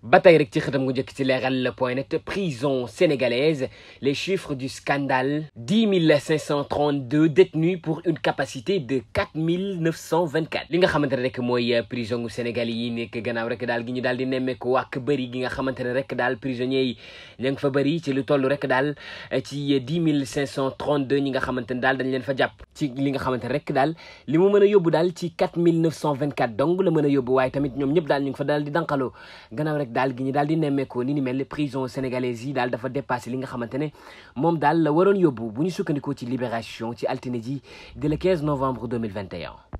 ba tey rek ci xëtam gu njëkk ci leeral point net prison sénégalaise les chiffres du scandale dix mille cinq cent trente pour une capacité de mille neuf cent vingt li nga xamante ne rek mooy euh, prison gu Sénégal yi nekk gannaaw rek daal gi ñu daal di nemmeeku wàkk nga xamante ne rek daal prisonniers ci lu toll rek daal euh, ci euh, dix mille cinq cent trente deux ñi nga xamante ne daal dañ leen fa jàpp ci li nga xamante ne daal li mu mën a yóbbu daal ci quatre mille neuf la mën a yóbbu waaye tamit ñoom ñëpp daal ñu ngi fa daal di danqaloo gannaaw rek nag daal gi ñu daal di nemmeekoo ni ni mel prison sénégalaise yi daal dafa dépassé li nga xamante ne moom daal la waroon yóbbu bu ñu sukkandikoo ci libération ci altine ji di le 15 novembre 2021